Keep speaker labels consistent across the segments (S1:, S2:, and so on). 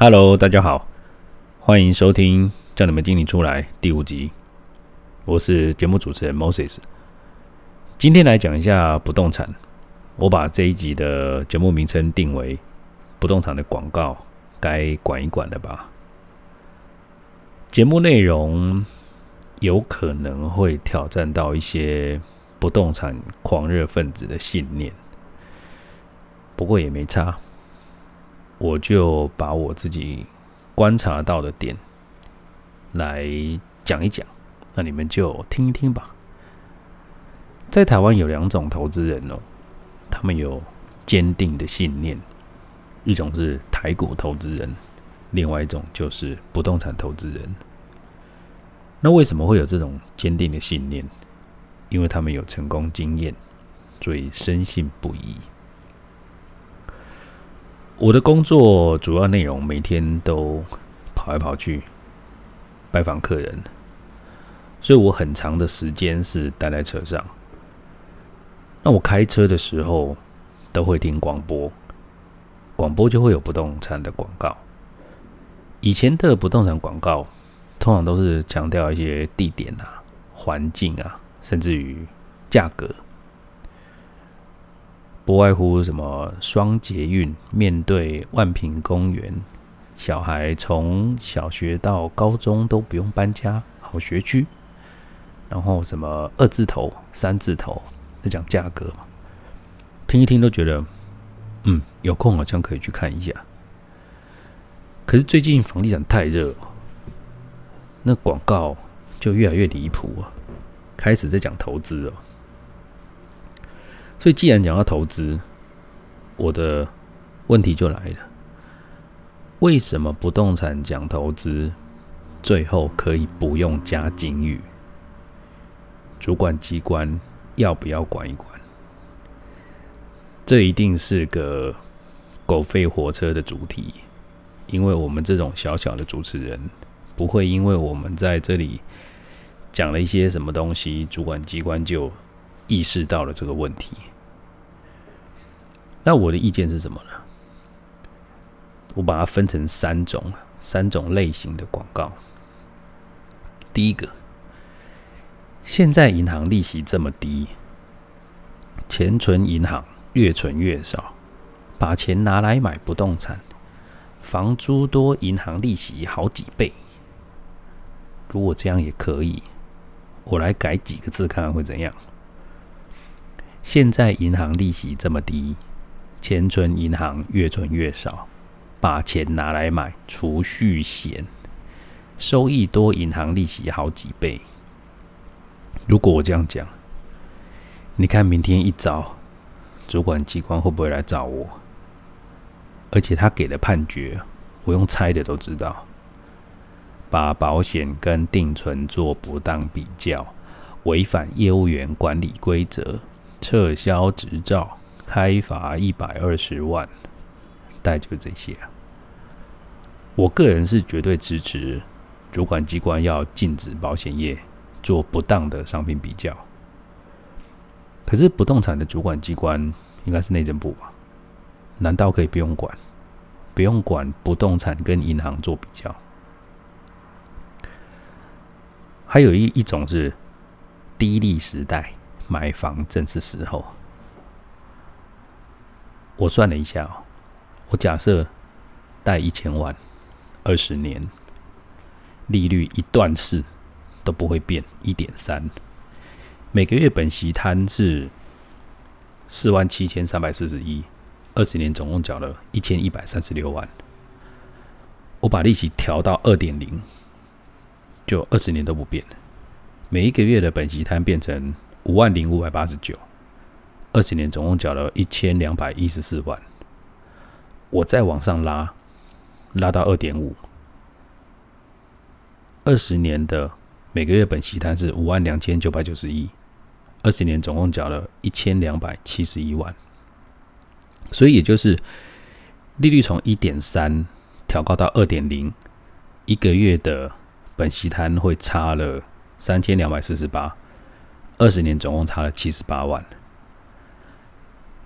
S1: Hello，大家好，歡迎收聽《叫你們經理出來》第五集。我是節目主持人 Moses，今天來講一下不動產。我把這一集的節目名稱定為“不動產的廣告該管一管了吧？”。節目內容有可能會挑戰到一些不動產狂熱分子的信念，不過也沒差。我就把我自己觀察到的點來講一講，那你們就聽一聽吧。在台灣有兩種投資人哦，他們有堅定的信念，一種是台股投資人，另外一種就是不動產投資人。那為什麼會有這種堅定的信念？因為他們有成功經驗，所以深信不疑。我的工作主要內容，每天都跑來跑去拜訪客人，所以我很長的時間是待在車上。那我開車的時候都會聽廣播，廣播就會有不動產的廣告。以前的不動產廣告通常都是強調一些地點啊、環境啊，甚至於價格。不外乎什麼雙捷運，面對萬坪公園，小孩從小學到高中都不用搬家，好學區。然後什麼二字頭、三字頭，在講價格嘛。聽一聽都覺得，嗯，有空好像可以去看一下。可是最近房地產太熱，那廣告就越來越離譜啊，開始在講投資了。所以，既然講到投資，我的問題就來了：為什麼不動產講投資，最後可以不用加警語？主管機關要不要管一管？這一定是個狗吠火車的主題，因為我們這種小小的主持人，不會因為我們在這裡講了一些什麼東西，主管機關就。意識到了這個問題，那我的意見是什麼呢？我把它分成三種，三種類型的廣告。第一個，現在銀行利息這麼低，錢存銀行越存越少，把錢拿來買不動產，房租多，銀行利息好幾倍。如果這樣也可以，我來改幾個字看看會怎樣？現在銀行利息這麼低，錢存銀行越存越少，把錢拿來買儲蓄險，收益多，銀行利息好幾倍。如果我這樣講，你看明天一早，主管機關會不會來找我？而且他給的判決，我用猜的都知道，把保險跟定存做不當比較，違反業務員管理規則。撤銷執照，開罰一百二十萬，大概就是這些啊。我個人是絕對支持主管機關要禁止保險業做不當的商品比較。可是不動產的主管機關應該是內政部吧？難道可以不用管？不用管不動產跟銀行做比較。還有一一種是低利時代，買房正是時候。我算了一下哦，我假設貸一千萬，二十年，利率一段式都不會變，一點三，每個月本息攤是四萬七千三百四十一，二十年總共繳了一千一百三十六萬。我把利息調到二點零，就二十年都不變，每一個月的本息攤變成。五萬零五百八十九，二十年總共繳了一千兩百一十四萬。我再往上拉，拉到二點五，二十年的每個月本息攤是五萬兩千九百九十一，二十年總共繳了一千兩百七十一萬。所以也就是利率從一點三調高到二點零，一個月的本息攤會差了三千兩百四十八。二十年總共差了七十八萬，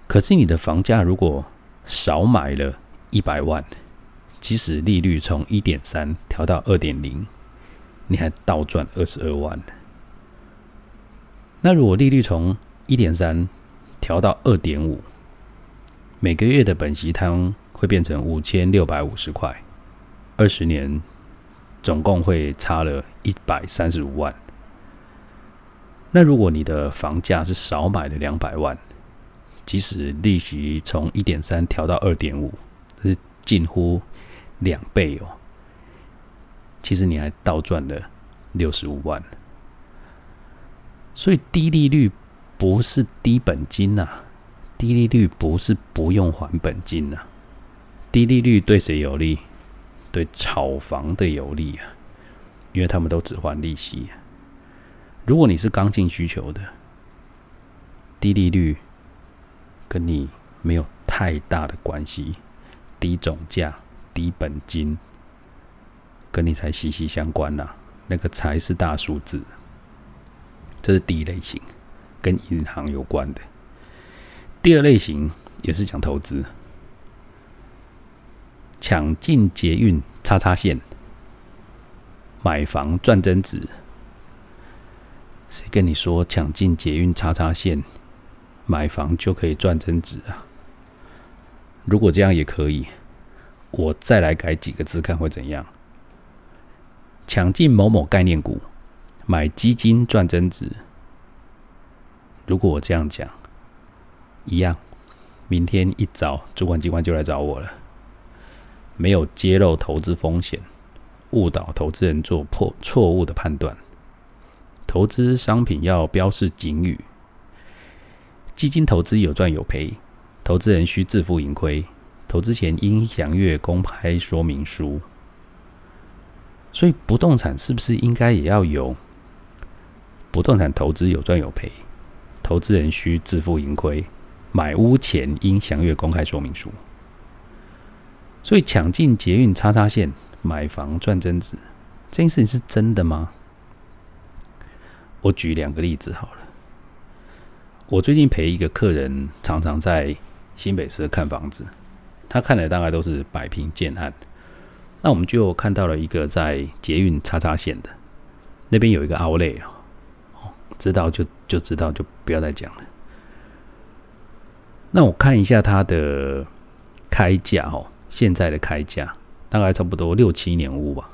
S1: 可是你的房價如果少買了一百萬，即使利率從一點三調到二點零，你還倒賺二十二萬。那如果利率從一點三調到二點五，每個月的本息攤會變成五千六百五十塊，二十年總共會差了一百三十五萬。那如果你的房價是少買了兩百萬，即使利息從一點三調到二點五，是近乎兩倍哦。其實你還倒賺了六十五萬。所以低利率不是低本金吶、啊，低利率不是不用還本金吶、啊。低利率對誰有利？對炒房的有利啊，因為他們都只還利息啊。如果你是剛性需求的，低利率跟你沒有太大的關係，低總價、低本金，跟你才息息相關呐、啊。那個才是大數字。這是第一類型，跟銀行有關的。第二類型也是講投資，搶進捷運叉叉線，買房賺增值。誰跟你說搶進捷運叉叉線，買房就可以賺增值啊？如果這樣也可以，我再來改幾個字看會怎樣？搶進某某概念股，買基金賺增值。如果我這樣講，一樣，明天一早主管機關就來找我了。沒有揭露投資風險，誤導投資人做破錯誤的判斷。投資商品要標示警語，基金投資有賺有賠，投資人須自負盈虧，投資前應詳閱公開說明書。所以不動產是不是應該也要有？不動產投資有賺有賠，投資人須自負盈虧，買屋前應詳閱公開說明書。所以搶進捷運叉叉線，買房賺增值。這件事情是真的嗎？我舉兩個例子好了。我最近陪一個客人，常常在新北市看房子，他看的大概都是百平建案。那我們就看到了一個在捷運叉叉線的那邊有一個 outlet 哦，知道就就知道，就不要再講了。那我看一下他的開價哦，現在的開價大概差不多六七年屋吧，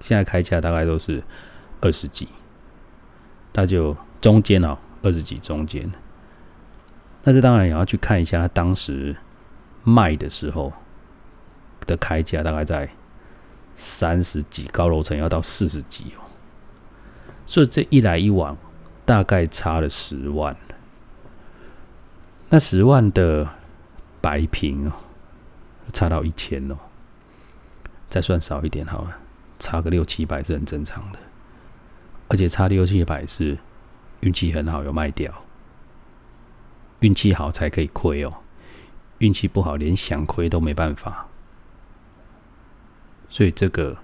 S1: 現在開價大概都是二十幾。那就中間喔，二十幾中間。那這當然也要去看一下，他當時賣的時候的開價大概在三十幾，高樓層要到四十幾喔。所以這一來一往，大概差了十萬。那十萬的白平喔，差到一千哦，再算少一點好了，差個六七百是很正常的。而且差六七百是運氣很好，有賣掉。運氣好才可以虧哦，運氣不好連想虧都沒辦法。所以這個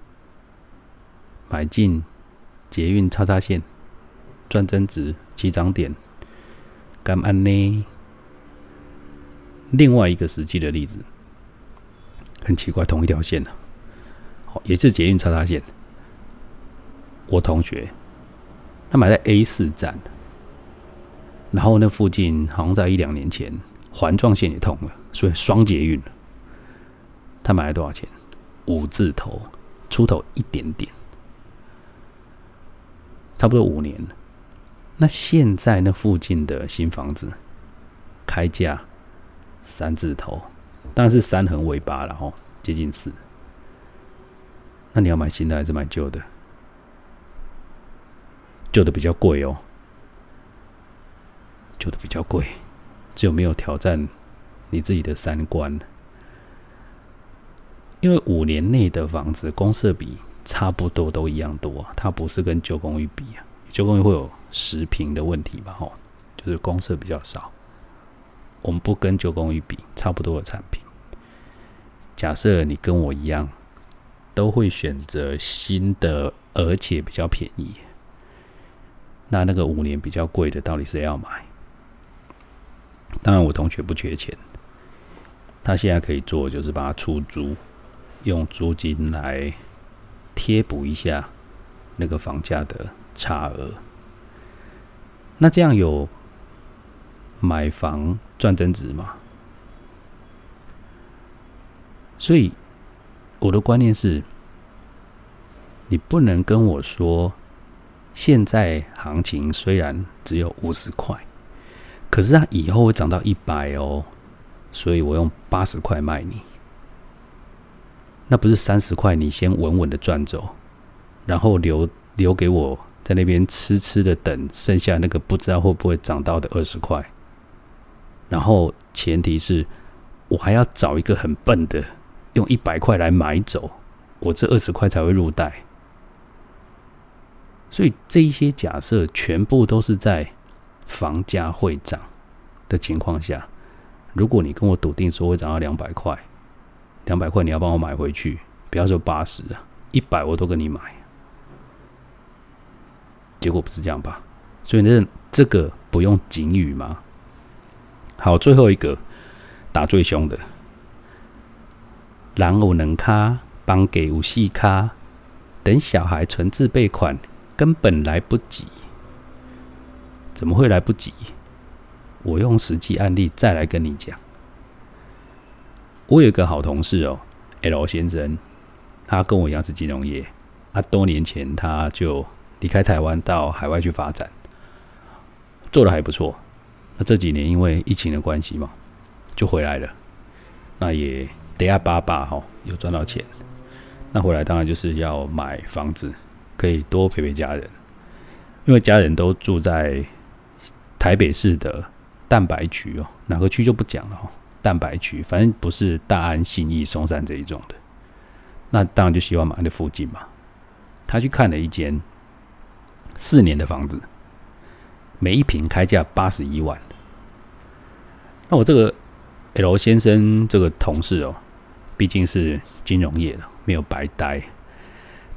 S1: 買進捷運叉叉線賺增值，起漲點干安呢？另外一個實際的例子，很奇怪，同一條線呢、啊，也是捷運叉叉線，我同學。他買在 A4 站，然後那附近好像在一兩年前環狀線也通了，所以雙捷運了。他買了多少錢？五字頭出頭一點點，差不多五年了。那現在那附近的新房子開價三字頭，當然是三橫尾八了哦，接近四。那你要買新的還是買舊的？舊的比較貴哦，舊的比較貴，只有沒有挑戰你自己的三觀。因為五年內的房子，公設比差不多都一樣多，它不是跟舊公寓比啊，舊公寓會有十平的問題吧？吼，就是公設比較少。我們不跟舊公寓比，差不多的產品。假設你跟我一樣，都會選擇新的，而且比較便宜。那那個五年比較貴的，到底誰要買？當然，我同學不缺錢，他現在可以做，就是把它出租，用租金來貼補一下那個房價的差額。那這樣有買房賺增值嗎？所以我的觀念是，你不能跟我說。現在行情雖然只有五十塊，可是它以後會漲到一百哦，所以我用八十塊賣你，那不是三十塊，你先穩穩的賺走，然後留留給我在那邊痴痴的等，剩下那個不知道會不會漲到的二十塊，然後前提是我還要找一個很笨的，用一百塊來買走，我這二十塊才會入袋。所以這一些假設全部都是在房價會漲的情況下，如果你跟我篤定說會漲到兩百塊，兩百塊你要幫我買回去，不要說八十啊，一百我都跟你買。結果不是這樣吧？所以那這個不用警語嗎？好，最後一個打最兇的有，狼歐能卡幫給五系卡，等小孩存自備款。根本來不及，怎麼會來不及？我用實際案例再來跟你講。我有個好同事哦，L 先生，他跟我一樣是金融業，他多年前他就離開台灣到海外去發展，做的還不錯。那這幾年因為疫情的關係嘛，就回來了。那也得阿八八哈，有賺到錢。那回來當然就是要買房子。可以多陪陪家人，因為家人都住在台北市的蛋白區哦，哪個區就不講了哈。蛋白區反正不是大安、信義、松山這一種的，那當然就希望買在附近嘛。他去看了一間四年的房子，每一坪開價八十一萬。那我這個 L 先生這個同事哦，畢竟是金融業的，沒有白呆，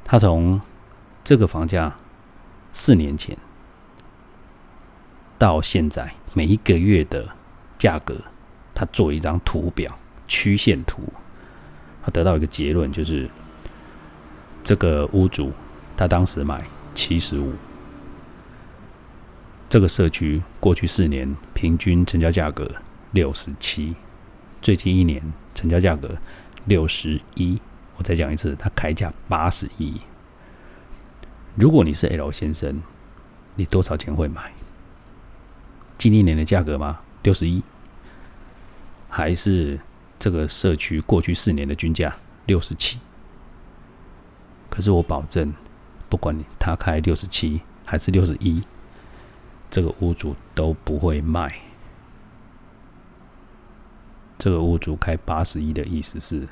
S1: 他從。這個房價，四年前到現在每一個月的價格，他做一張圖表曲線圖，他得到一個結論，就是這個屋主他當時買七十五，這個社區過去四年平均成交價格六十七，最近一年成交價格六十一，我再講一次，他開價八十一。如果你是 L 先生，你多少錢會買？近一年的價格嗎？六十一，還是這個社區過去四年的均價六十七？可是我保證，不管你他開六十七還是六十一，這個屋主都不會賣。這個屋主開八十一的意思是，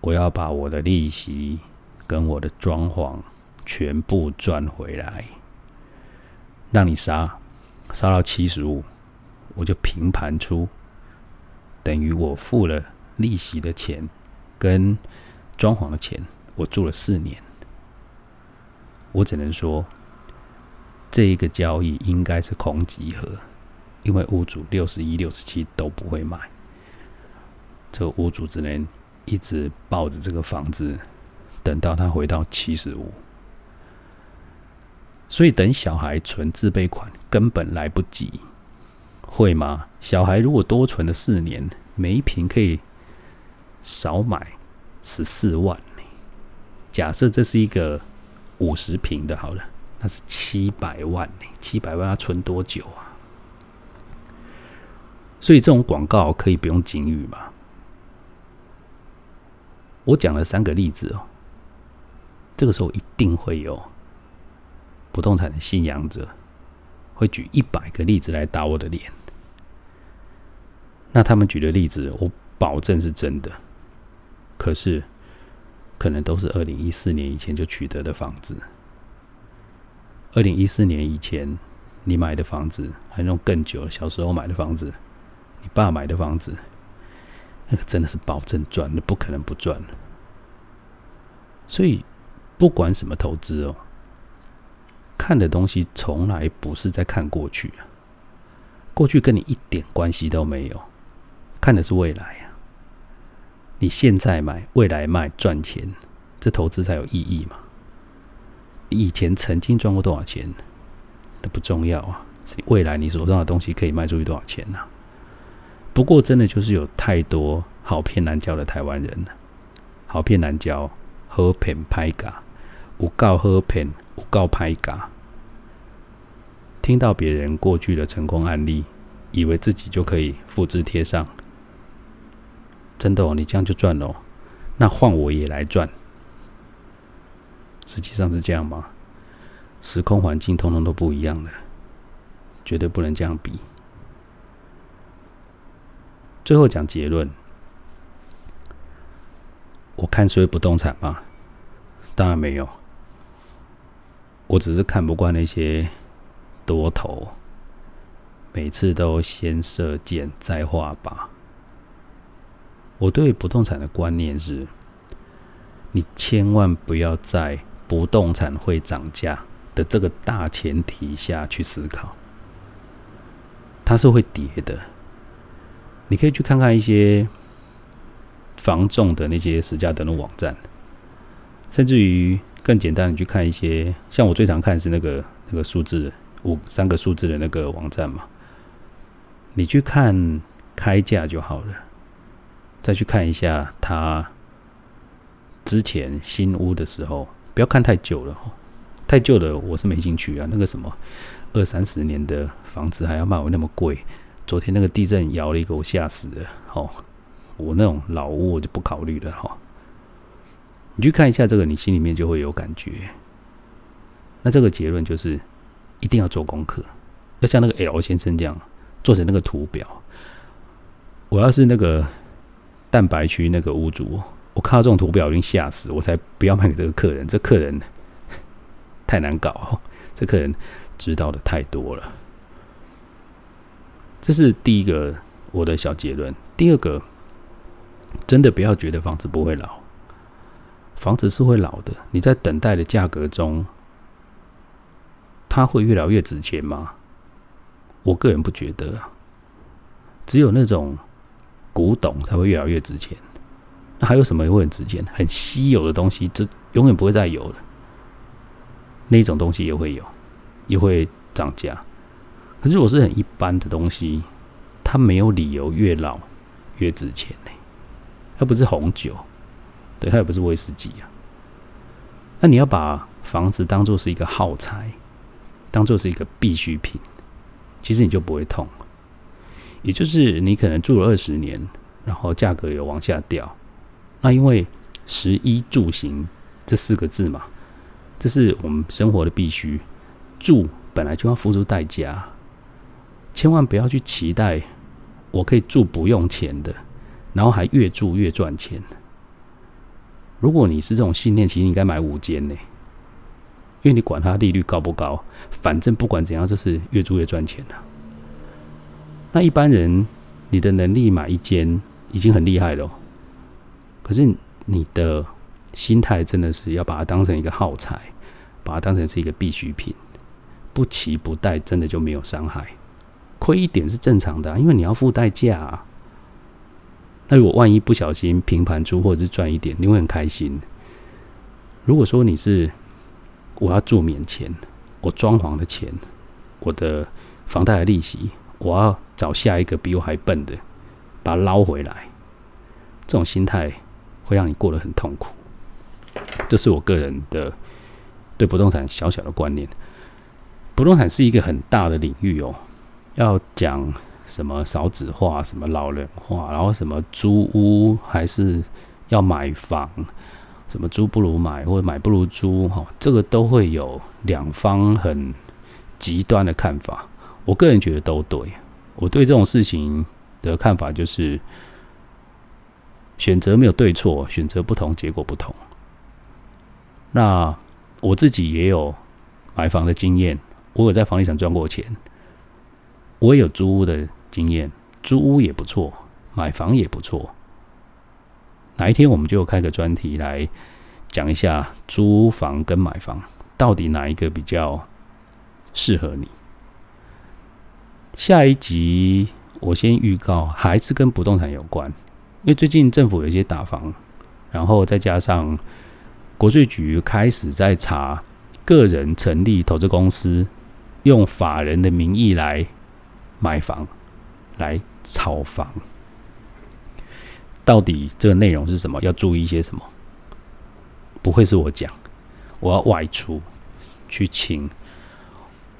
S1: 我要把我的利息跟我的裝潢。全部賺回來，讓你殺，殺到七十五，我就平盤出，等於我付了利息的錢跟裝潢的錢，我住了四年，我只能說，這個交易應該是空集合，因為屋主六十一、六十七都不會賣，這個屋主只能一直抱着這個房子，等到他回到七十五。所以等小孩存自備款根本來不及，會嗎？小孩如果多存了四年，每一坪可以少買十四萬，欸、假設這是一個五十坪的，好了，那是七百萬欸，七百萬要存多久啊？所以這種廣告可以不用警語嗎？我講了三個例子哦、喔，這個時候一定會有。不動產的信仰者會舉一百個例子來打我的臉。那他們舉的例子，我保證是真的。可是，可能都是二零一四年以前就取得的房子。二零一四年以前你買的房子，還用更久，小時候買的房子，你爸買的房子，那個真的是保證賺的，不可能不賺。所以，不管什麼投資哦。看的東西從來不是在看過去啊，過去跟你一點關係都沒有，看的是未來呀、啊。你現在買，未來賣賺錢，這投資才有意義嘛。你以前曾經賺過多少錢那不重要啊，是未來你手上的東西可以賣出去多少錢吶、啊？不過真的就是有太多好騙難教的台灣人了、啊，好騙難教，好騙拍假，有夠好騙，有夠拍假。聽到別人過去的成功案例，以為自己就可以複製貼上，真的哦，你這樣就賺了、哦，那換我也來賺，實際上是這樣嗎？時空環境通通都不一樣的，絕對不能這樣比。最後講結論，我看衰不動產嗎？當然沒有，我只是看不慣那些。多頭每次都先射箭再畫靶。我對不動產的觀念是：你千萬不要在不動產會漲價的這個大前提下去思考，它是會跌的。你可以去看看一些房仲的那些實價登錄網站，甚至於更簡單，你去看一些像我最常看是那個那個數字。五三個數字的那個網站嘛，你去看開價就好了，再去看一下他之前新屋的時候，不要看太久了哈，太舊了我是沒興趣啊。那個什麼二三十年的房子還要賣我那麼貴，昨天那個地震搖了一個我嚇死了。哦，我那種老屋我就不考慮了哈。你去看一下這個，你心裡面就會有感覺。那這個結論就是。一定要做功課，要像那個 L 先生這樣做成那個圖表。我要是那個蛋白區那個屋主，我看到這種圖表，已經嚇死，我才不要賣給這個客人。這客人太難搞，這客人知道的太多了。這是第一個我的小結論。第二個，真的不要覺得房子不會老，房子是會老的。你在等待的價格中。它會越來越值錢嗎？我個人不覺得啊。只有那種古董才會越來越值錢。那還有什麼也會很值錢、很稀有的東西？這永遠不會再有的。那一種東西也會有，也會漲價。可是我是很一般的東西，它沒有理由越老越值錢呢、欸。它不是紅酒，對，它也不是威士忌啊。那你要把房子當做是一個耗材？當做是一個必需品，其實你就不會痛。也就是你可能住了二十年，然後價格也往下掉。那因為“食衣住行”這四個字嘛，這是我們生活的必須。住本來就要付出代價，千萬不要去期待我可以住不用錢的，然後還越住越賺錢。如果你是這種信念，其實你應該買五間呢、欸。因為你管它利率高不高，反正不管怎樣，就是越租越賺錢了、啊。那一般人，你的能力買一間已經很厲害了。可是你的心態真的是要把它當成一個耗材，把它當成是一個必需品，不期不待，真的就沒有傷害。虧一點是正常的、啊，因為你要付代價啊。那如果萬一不小心平盤出，或者是賺一點，你會很開心。如果說你是，我要住免錢，我裝潢的錢，我的房貸的利息，我要找下一個比我還笨的，把它撈回來。這種心態會讓你過得很痛苦。這是我個人的對不動產小小的觀念。不動產是一個很大的領域哦、喔，要講什麼少子化，什麼老人化，然後什麼租屋，還是要買房。什麼租不如買，或者買不如租，哈，這個都會有兩方很極端的看法。我個人覺得都對。我對這種事情的看法就是，選擇沒有對錯，選擇不同，結果不同。那我自己也有買房的經驗，我有在房地產賺過錢，我也有租屋的經驗，租屋也不錯，買房也不錯。哪一天我們就開個專題來講一下租房跟買房到底哪一個比較適合你？下一集我先預告，還是跟不動產有關，因為最近政府有一些打房，然後再加上國稅局開始在查個人成立投資公司，用法人的名義來買房，來炒房。到底這個內容是什麼？要注意一些什麼？不會是我講，我要外出去請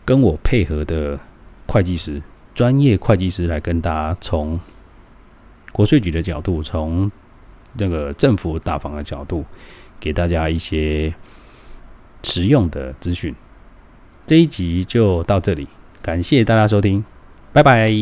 S1: 跟我配合的會計師，專業會計師來跟大家從國稅局的角度，從那個政府打房的角度，給大家一些實用的資訊。這一集就到這裡，感謝大家收聽，拜拜。